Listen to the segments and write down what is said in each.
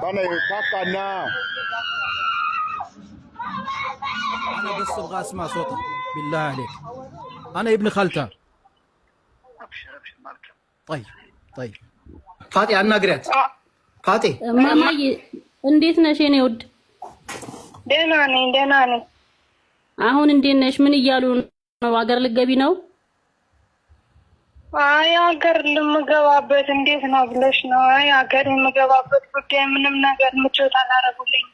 Bana kakana. أنا بس أبغى أسمع صوتك بالله عليك أنا ابن خالته أبشر أبشر مالك طيب طيب ፋጤ አናግሪያት። ፋጤ ማማዬ እንዴት ነሽ የኔ ውድ? ደህና ነኝ፣ ደህና ነኝ። አሁን እንዴት ነሽ? ምን እያሉ ነው? አገር ልገቢ ነው? አይ ሀገር ልምገባበት እንዴት ነው ብለሽ ነው? አይ ሀገር የምገባበት ጉዳይ ምንም ነገር ምቾት አላረጉልኝ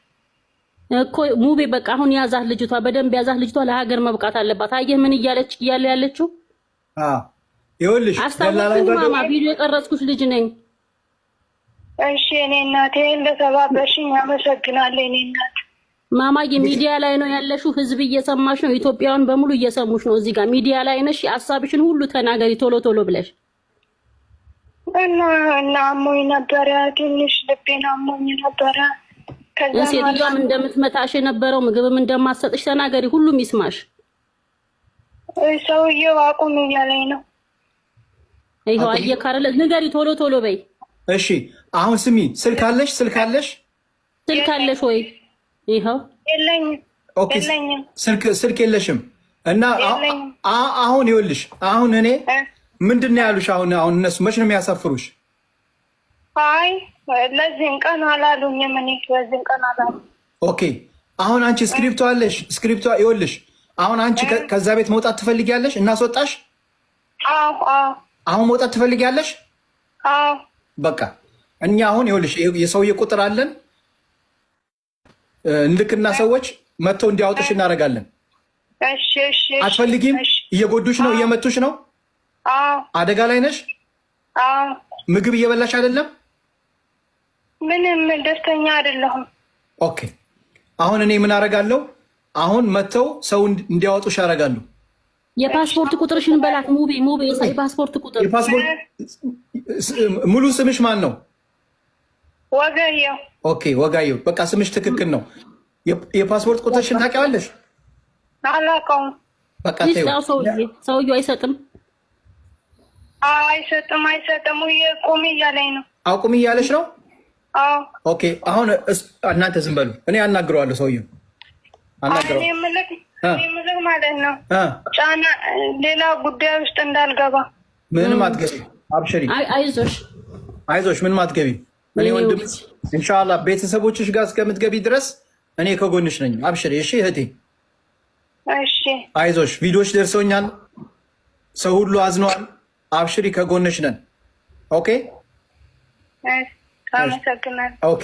እኮ ሙቤ። በቃ አሁን ያዛት ልጅቷ፣ በደንብ ያዛት ልጅቷ። ለሀገር መብቃት አለባት። አየህ ምን እያለች እያለ ያለችው ይኸውልሽ፣ አስታወቅኝ ማማ፣ ቪዲዮ ልጅ ነኝ። እሺ እኔ እናቴ እንደተባበሽኝ አመሰግናለሁ። እኔ እናቴ ማማዬ ሚዲያ ላይ ነው ያለሽው። ህዝብ እየሰማሽ ነው። ኢትዮጵያውን በሙሉ እየሰሙሽ ነው። እዚህ ጋር ሚዲያ ላይ ነሽ። ሀሳብሽን ሁሉ ተናገሪ ቶሎ ቶሎ ብለሽ እና እና አሞኝ ነበረ ትንሽ ልቤን አሞኝ ነበረ። ሴትዮዋም እንደምትመታሽ የነበረው ምግብም እንደማሰጥሽ ተናገሪ። ሁሉም ይስማሽ። ሰውዬው አቁም እያለኝ ነው። ይኸው አየህ ካረለ ንገሪ ቶሎ ቶሎ በይ። እሺ አሁን ስሚ፣ ስልክ አለሽ? ስልክ አለሽ? ስልክ አለሽ ወይ? ይኸው ስልክ የለሽም እና አሁን ይኸውልሽ፣ አሁን እኔ ምንድን ነው ያሉሽ? አሁን አሁን እነሱ መች ነው የሚያሳፍሩሽ? አይ ለዚህም ቀን አላሉኝም። እኔ ለዚህም ቀን አላሉ። ኦኬ አሁን አንቺ ስክሪፕቶ አለሽ? ስክሪፕቶ ይኸውልሽ፣ አሁን አንቺ ከዛ ቤት መውጣት ትፈልጊያለሽ? እናስወጣሽ? አሁን መውጣት ትፈልጊያለሽ? በቃ እኛ አሁን ይኸውልሽ፣ የሰውዬ ቁጥር አለን እንልክና ሰዎች መጥተው እንዲያወጡሽ እናደርጋለን። አትፈልጊም? እየጎዱሽ ነው፣ እየመቱሽ ነው፣ አደጋ ላይ ነሽ። ምግብ እየበላሽ አይደለም። ምንም ደስተኛ አይደለሁም። ኦኬ፣ አሁን እኔ ምን አደርጋለሁ? አሁን መጥተው ሰው እንዲያወጡሽ ያደርጋሉ። የፓስፖርት ቁጥርሽን በላት። ሙቤ ሙቤ፣ የፓስፖርት ቁጥር ሙሉ ስምሽ ማን ነው? ወገየው ኦኬ ወጋየው በቃ ስምሽ ትክክል ነው። የፓስፖርት ቁጥርሽን ታውቂዋለሽ? አላውቀውም። በቃ ሰውዬው አይሰጥም አይሰጥም አይሰጥም። ቁሚ እያለኝ ነው። ነው። ኦኬ አሁን እናንተ ዝም በሉ፣ እኔ አናግረዋለሁ። ሰውዬው ማለት ነው። ጫና ሌላ ጉዳይ ውስጥ እንዳልገባ ምንም አትገቢ። አብሽሪ፣ አይዞሽ፣ አይዞሽ፣ ምንም አትገቢ እኔ ወንድም ኢንሻላ ቤተሰቦችሽ ጋር እስከምትገቢ ድረስ እኔ ከጎንሽ ነኝ። አብሽር እሺ እህቴ። አይዞሽ ቪዲዮች ደርሰውኛል። ሰው ሁሉ አዝነዋል። አብሽሪ ከጎንሽ ነን። ኦኬ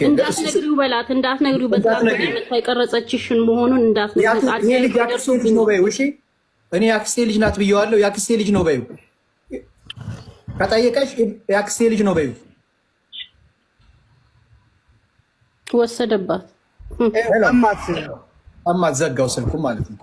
እንዳትነግሪው እኔ የአክስቴ ልጅ ናት ብየዋለሁ። የአክስቴ ልጅ ነው በይው። ከጠየቀሽ የአክስቴ ልጅ ነው በይው። ወሰደባት። እማት ዘጋው ስልኩ ማለት ነው።